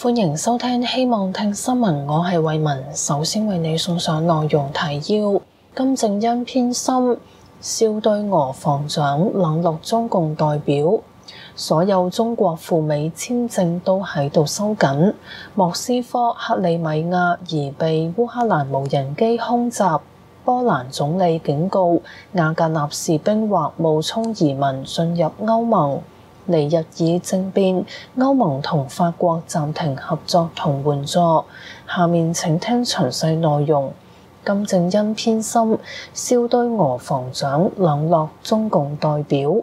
歡迎收聽，希望聽新聞，我係慧雯，首先為你送上內容提要：金正恩偏心，笑對俄防長冷落中共代表；所有中國赴美簽證都喺度收緊；莫斯科克里米亞疑被烏克蘭無人機空襲；波蘭總理警告瓦格納士兵或冒充移民進入歐盟。尼日爾政變，歐盟同法國暫停合作同援助。下面請聽詳細內容。金正恩偏心，笑對俄防長冷落中共代表。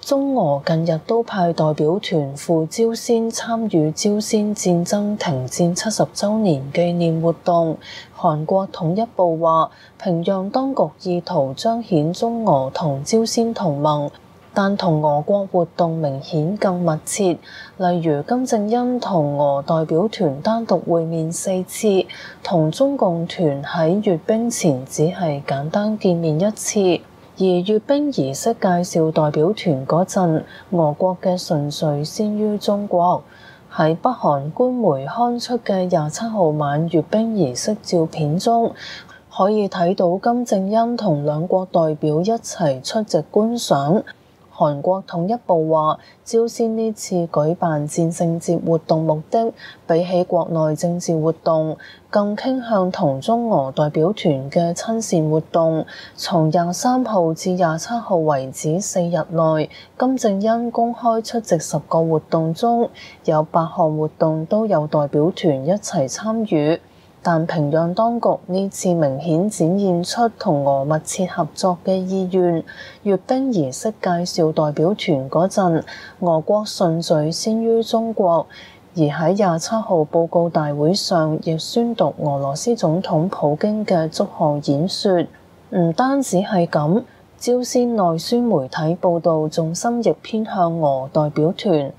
中俄近日都派代表團赴朝鮮參與朝鮮戰爭停戰七十週年紀念活動。韓國統一部話，平壤當局意圖彰顯中俄同朝鮮同盟。但同俄國活動明顯更密切，例如金正恩同俄代表團單獨會面四次，同中共團喺閱兵前只係簡單見面一次。而閱兵儀式介紹代表團嗰陣，俄國嘅順序先於中國。喺北韓官媒刊出嘅廿七號晚閱兵儀式照片中，可以睇到金正恩同兩國代表一齊出席觀賞。韓國統一部話，朝鮮呢次舉辦戰勝節活動目的，比起國內政治活動，更傾向同中俄代表團嘅親善活動。從廿三號至廿七號為止四日內，金正恩公開出席十個活動中，有八項活動都有代表團一齊參與。但平壤當局呢次明顯展現出同俄密切合作嘅意願。閱兵儀式介紹代表團嗰陣，俄國順序先於中國。而喺廿七號報告大會上，亦宣讀俄羅斯總統普京嘅祝賀演說。唔單止係咁，朝鮮內宣媒體報導重心亦偏向俄代表團。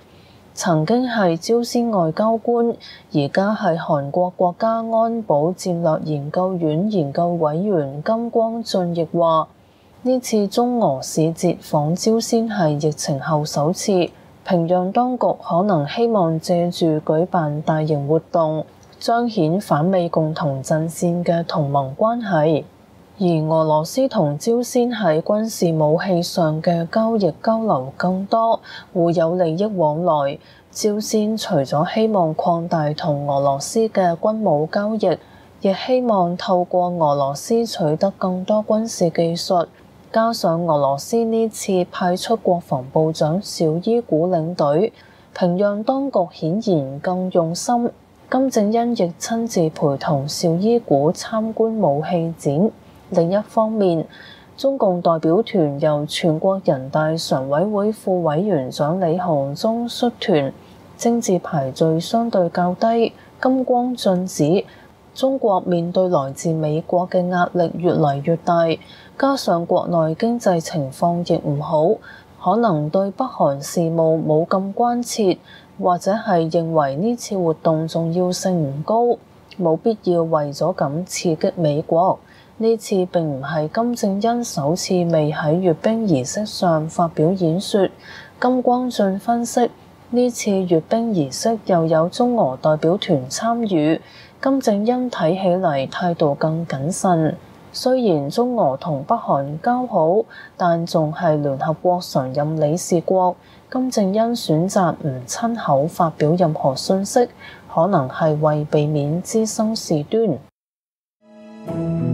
曾經係朝鮮外交官，而家係韓國國家安保戰略研究院研究委員金光俊，亦話：呢次中俄使節訪朝鮮係疫情後首次，平壤當局可能希望借住舉辦大型活動，彰顯反美共同陣線嘅同盟關係。而俄羅斯同朝鮮喺軍事武器上嘅交易交流更多，互有利益往來。朝鮮除咗希望擴大同俄羅斯嘅軍武交易，亦希望透過俄羅斯取得更多軍事技術。加上俄羅斯呢次派出國防部長紹伊古領隊，平壤當局顯然更用心。金正恩亦親自陪同紹伊古參觀武器展。另一方面，中共代表團由全國人大常委會副委員長李鴻忠率團，政治排序相對較低。金光俊指中國面對來自美國嘅壓力越嚟越大，加上國內經濟情況亦唔好，可能對北韓事務冇咁關切，或者係認為呢次活動重要性唔高，冇必要為咗咁刺激美國。呢次並唔係金正恩首次未喺閱兵儀式上發表演說。金光俊分析，呢次閱兵儀式又有中俄代表團參與，金正恩睇起嚟態度更謹慎。雖然中俄同北韓交好，但仲係聯合國常任理事國，金正恩選擇唔親口發表任何訊息，可能係為避免滋生事端。嗯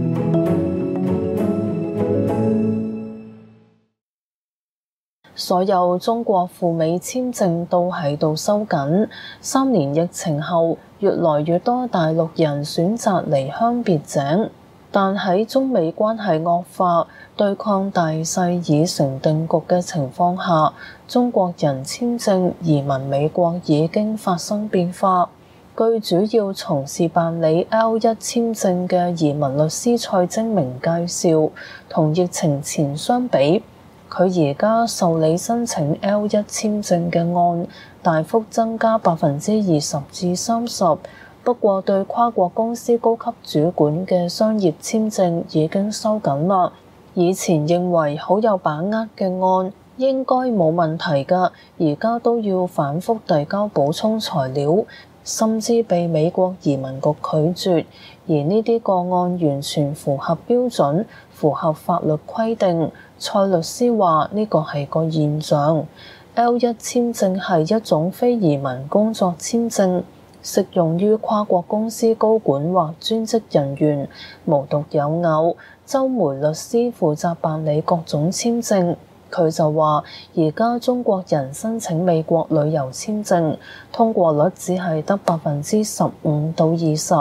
所有中國赴美簽證都喺度收緊。三年疫情後，越來越多大陸人選擇離鄉別井，但喺中美關係惡化、對抗大勢已成定局嘅情況下，中國人簽證移民美國已經發生變化。據主要從事辦理 L 一簽證嘅移民律師蔡晶明介紹，同疫情前相比，佢而家受理申請 L 一簽證嘅案大幅增加百分之二十至三十，不過對跨國公司高級主管嘅商業簽證已經收緊啦。以前認為好有把握嘅案應該冇問題嘅，而家都要反覆遞交補充材料，甚至被美國移民局拒絕。而呢啲個案完全符合標準，符合法律規定。蔡律師話：呢個係個現象，L1 簽證係一種非移民工作簽證，適用於跨國公司高管或專職人員。無獨有偶，周梅律師負責辦理各種簽證，佢就話：而家中國人申請美國旅遊簽證，通過率只係得百分之十五到二十。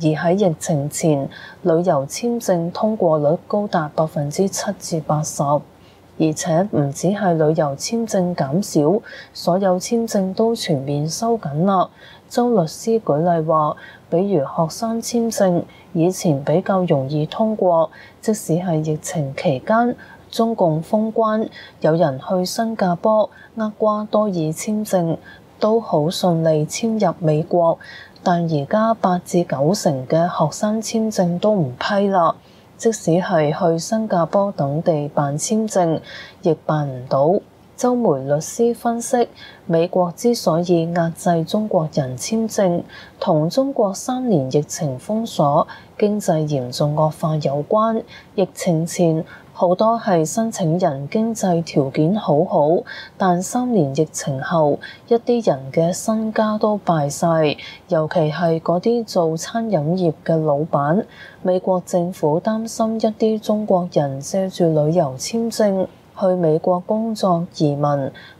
而喺疫情前，旅遊簽證通過率高達百分之七至八十，而且唔止係旅遊簽證減少，所有簽證都全面收緊啦。周律師舉例話，比如學生簽證，以前比較容易通過，即使係疫情期間，中共封關，有人去新加坡、厄瓜多爾簽證都好順利簽入美國。但而家八至九成嘅學生簽證都唔批啦，即使係去新加坡等地辦簽證，亦辦唔到。周梅律師分析，美國之所以壓制中國人簽證，同中國三年疫情封鎖、經濟嚴重惡化有關。疫情前好多係申請人經濟條件好好，但三年疫情後，一啲人嘅身家都敗晒，尤其係嗰啲做餐飲業嘅老闆。美國政府擔心一啲中國人借住旅遊簽證。去美國工作移民。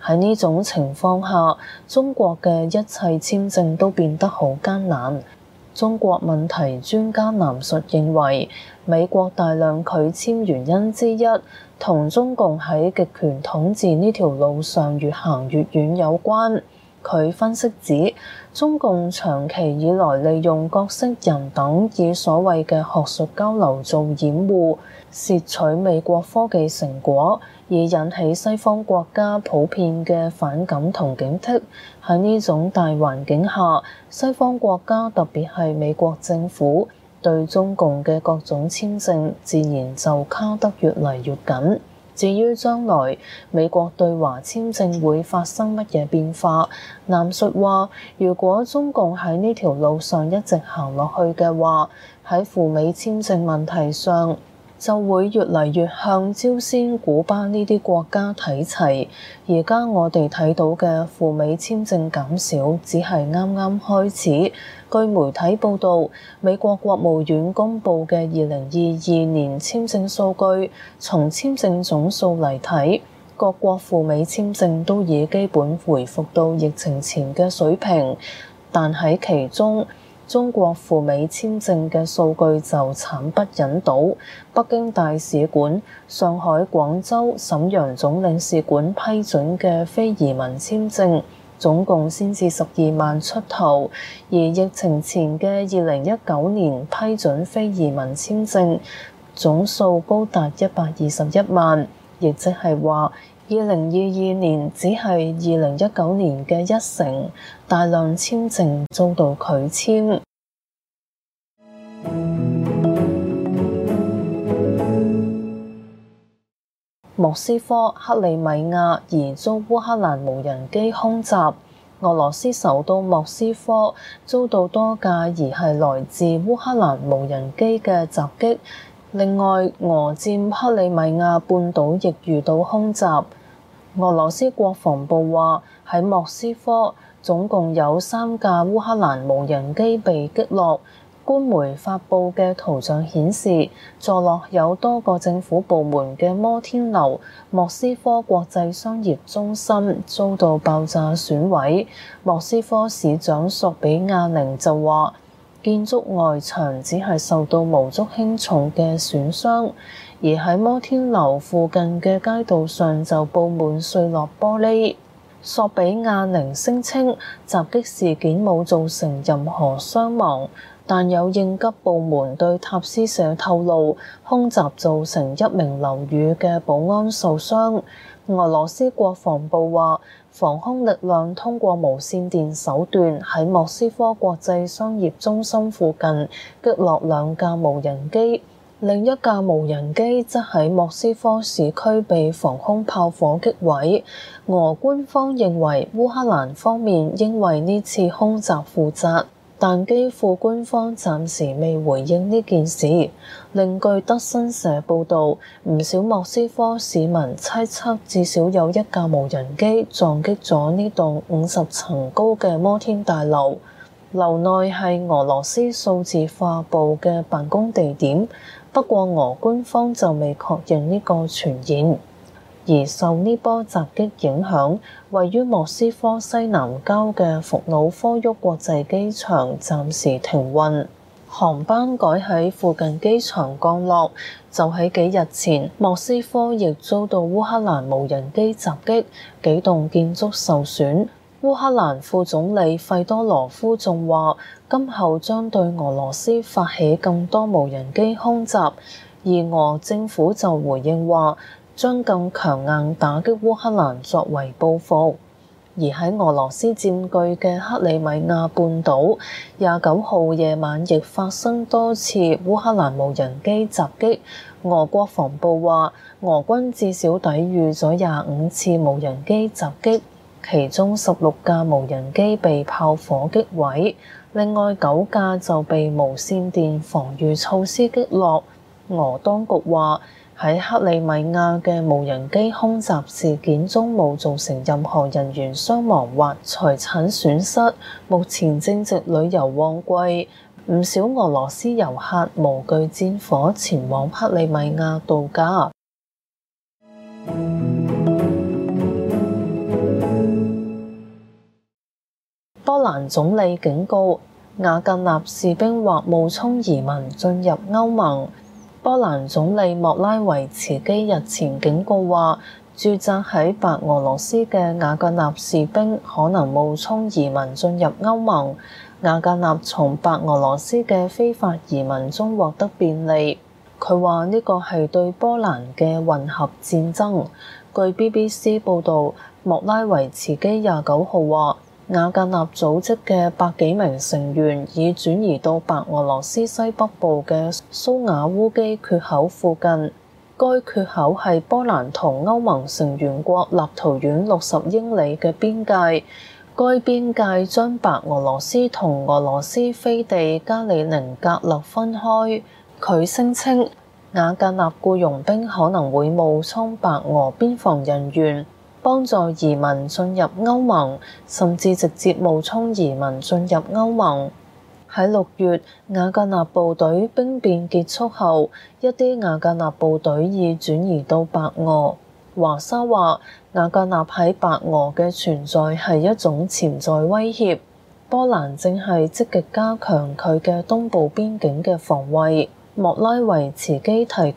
喺呢種情況下，中國嘅一切簽證都變得好艱難。中國問題專家藍述認為，美國大量拒簽原因之一，同中共喺極權統治呢條路上越行越遠有關，佢分析指，中共長期以來利用各色人等以所謂嘅學術交流做掩護，竊取美國科技成果，而引起西方國家普遍嘅反感同警惕。喺呢種大環境下，西方國家特別係美國政府對中共嘅各種簽證，自然就卡得越嚟越緊。至於將來美國對華簽證會發生乜嘢變化？藍述話，如果中共喺呢條路上一直行落去嘅話，喺赴美簽證問題上，就會越嚟越向朝鮮、古巴呢啲國家睇齊。而家我哋睇到嘅赴美簽證減少，只係啱啱開始。據媒體報導，美國國務院公布嘅二零二二年簽證數據，從簽證總數嚟睇，各國赴美簽證都已基本恢復到疫情前嘅水平，但喺其中，中國赴美簽證嘅數據就慘不忍睹，北京大使館、上海、廣州、沈陽總領事館批准嘅非移民簽證總共先至十二萬出頭，而疫情前嘅二零一九年批准非移民簽證總數高達一百二十一萬，亦即係話。二零二二年只係二零一九年嘅一成，大量簽證遭到拒簽。莫斯科、克里米亞疑遭烏克蘭無人機空襲，俄羅斯首都莫斯科遭到多架疑係來自烏克蘭無人機嘅襲擊，另外俄佔克里米亞半島亦遇到空襲。俄羅斯國防部話喺莫斯科總共有三架烏克蘭無人機被擊落。官媒發布嘅圖像顯示，坐落有多個政府部門嘅摩天樓莫斯科國際商業中心遭到爆炸損毀。莫斯科市長索比亞寧就話，建築外牆只係受到無足輕重嘅損傷。而喺摩天樓附近嘅街道上就布滿碎落玻璃。索比亞寧聲稱襲擊事件冇造成任何傷亡，但有應急部門對塔斯社透露，空襲造成一名樓宇嘅保安受傷。俄羅斯國防部話，防空力量通過無綫電手段喺莫斯科國際商業中心附近擊落兩架無人機。另一架無人機則喺莫斯科市區被防空炮火擊毀，俄官方認為烏克蘭方面應為呢次空襲負責，但基輔官方暫時未回應呢件事。另據德新社報道，唔少莫斯科市民猜測至少有一架無人機撞擊咗呢棟五十層高嘅摩天大樓，樓內係俄羅斯數字化部嘅辦公地點。不過，俄官方就未確認呢個傳言。而受呢波襲擊影響，位於莫斯科西南郊嘅伏努科沃國際機場暫時停運，航班改喺附近機場降落。就喺幾日前，莫斯科亦遭到烏克蘭無人機襲擊，幾棟建築受損。烏克蘭副總理費多羅夫仲話，今後將對俄羅斯發起更多無人機空襲，而俄政府就回應話，將更強硬打擊烏克蘭作為報復。而喺俄羅斯占據嘅克里米亞半島，廿九號夜晚亦發生多次烏克蘭無人機襲擊，俄國防部話，俄軍至少抵御咗廿五次無人機襲擊。其中十六架無人機被炮火擊毀，另外九架就被無線電防禦措施擊落。俄當局話喺克里米亞嘅無人機空襲事件中，冇造成任何人員傷亡或財產損失。目前正值旅遊旺季，唔少俄羅斯遊客無懼戰火前往克里米亞度假。波蘭總理警告，瓦格納士兵或冒充移民進入歐盟。波蘭總理莫拉維茨基日前警告話，駐紮喺白俄羅斯嘅瓦格納士兵可能冒充移民進入歐盟。瓦格納從白俄羅斯嘅非法移民中獲得便利。佢話呢個係對波蘭嘅混合戰爭。據 BBC 報道，莫拉維茨基廿九號話。雅瓦格納組織嘅百幾名成員已轉移到白俄羅斯西北部嘅蘇瓦烏基缺口附近，該缺口係波蘭同歐盟成員國立陶宛六十英里嘅邊界，該邊界將白俄羅斯同俄羅斯飛地加里寧格勒分開。佢聲稱，瓦格納僱傭兵可能會冒充白俄邊防人員。幫助移民進入歐盟，甚至直接冒充移民進入歐盟。喺六月，瓦格納部隊兵變結束後，一啲瓦格納部隊已轉移到白俄。華沙話瓦格納喺白俄嘅存在係一種潛在威脅。波蘭正係積極加強佢嘅東部邊境嘅防衛。莫拉維茨基提及，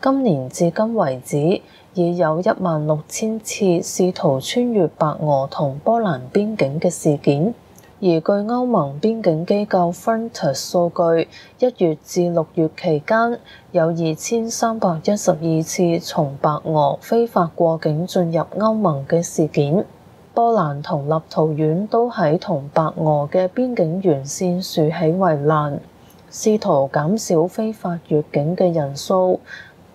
今年至今為止，已有一萬六千次試圖穿越白俄同波蘭邊境嘅事件，而據歐盟邊境機構 Frontex 數據，一月至六月期間有二千三百一十二次從白俄非法過境進入歐盟嘅事件。波蘭同立陶宛都喺同白俄嘅邊境沿線豎起圍欄，試圖減少非法越境嘅人數。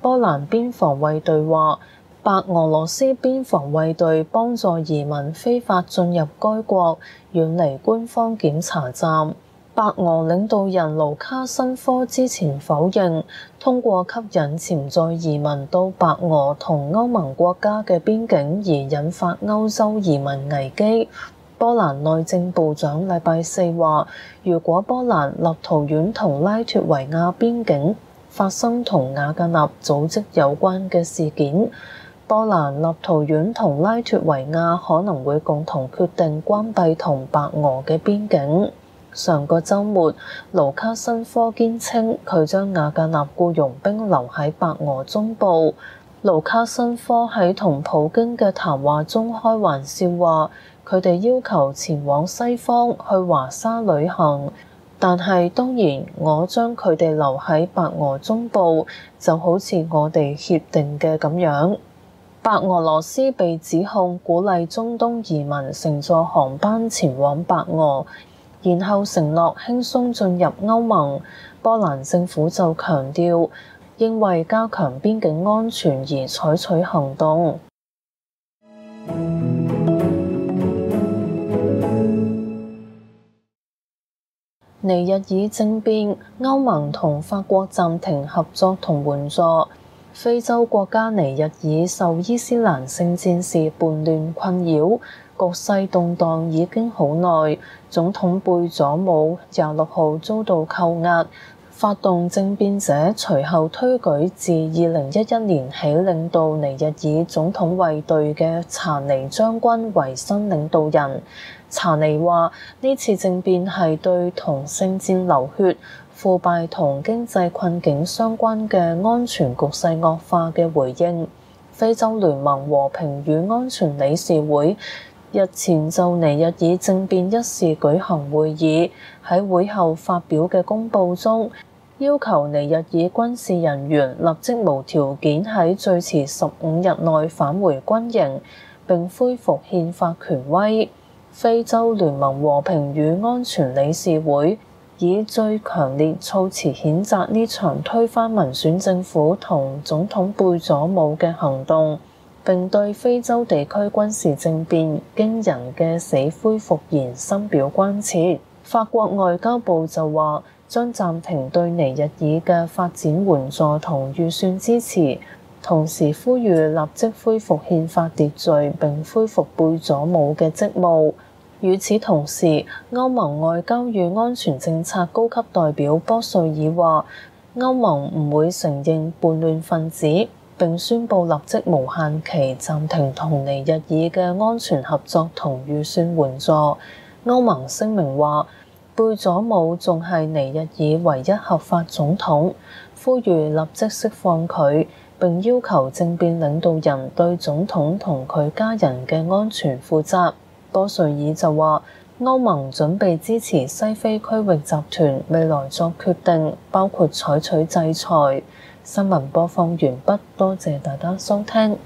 波蘭邊防衛隊話，白俄羅斯邊防衛隊幫助移民非法進入該國，遠離官方檢查站。白俄領導人盧卡申科之前否認，通過吸引潛在移民到白俄同歐盟國家嘅邊境而引發歐洲移民危機。波蘭內政部長禮拜四話，如果波蘭立陶宛同拉脱維亞邊境，發生同瓦格納組織有關嘅事件，波蘭、立陶宛同拉脫維亞可能會共同決定關閉同白俄嘅邊境。上個週末，盧卡申科堅稱佢將瓦格納僱傭兵留喺白俄中部。盧卡申科喺同普京嘅談話中開玩笑話，佢哋要求前往西方去華沙旅行。但係當然，我將佢哋留喺白俄中部，就好似我哋協定嘅咁樣。白俄羅斯被指控鼓勵中東移民乘坐航班前往白俄，然後承諾輕鬆進入歐盟。波蘭政府就強調應為加強邊境安全而採取行動。嗯尼日爾政變，歐盟同法國暫停合作同援助。非洲國家尼日爾受伊斯蘭聖戰士叛亂困擾，局勢動盪已經好耐。總統貝佐姆廿六號遭到扣押，發動政變者隨後推舉自二零一一年起領導尼日爾總統衛隊嘅查尼將軍為新領導人。查尼話：呢次政變係對同聖戰流血、腐敗同經濟困境相關嘅安全局勢惡化嘅回應。非洲聯盟和平與安全理事會日前就尼日爾政變一事舉行會議，喺會後發表嘅公報中，要求尼日爾軍事人員立即無條件喺最遲十五日內返回軍營，並恢復憲法權威。非洲聯盟和平與安全理事會以最強烈措辭譴責呢場推翻民選政府同總統貝佐姆嘅行動，並對非洲地區軍事政變驚人嘅死灰復燃深表關切。法國外交部就話將暫停對尼日爾嘅發展援助同預算支持，同時呼籲立即恢復憲法秩序並恢復貝佐姆嘅職務。與此同時，歐盟外交與安全政策高級代表波瑞爾話：歐盟唔會承認叛亂分子，並宣布立即無限期暫停同尼日爾嘅安全合作同預算援助。歐盟聲明話：貝佐姆仲係尼日爾唯一合法總統，呼籲立即釋放佢，並要求政變領導人對總統同佢家人嘅安全負責。波瑞爾就話，歐盟準備支持西非區域集團未來作決定，包括採取制裁。新聞播放完畢，多謝大家收聽。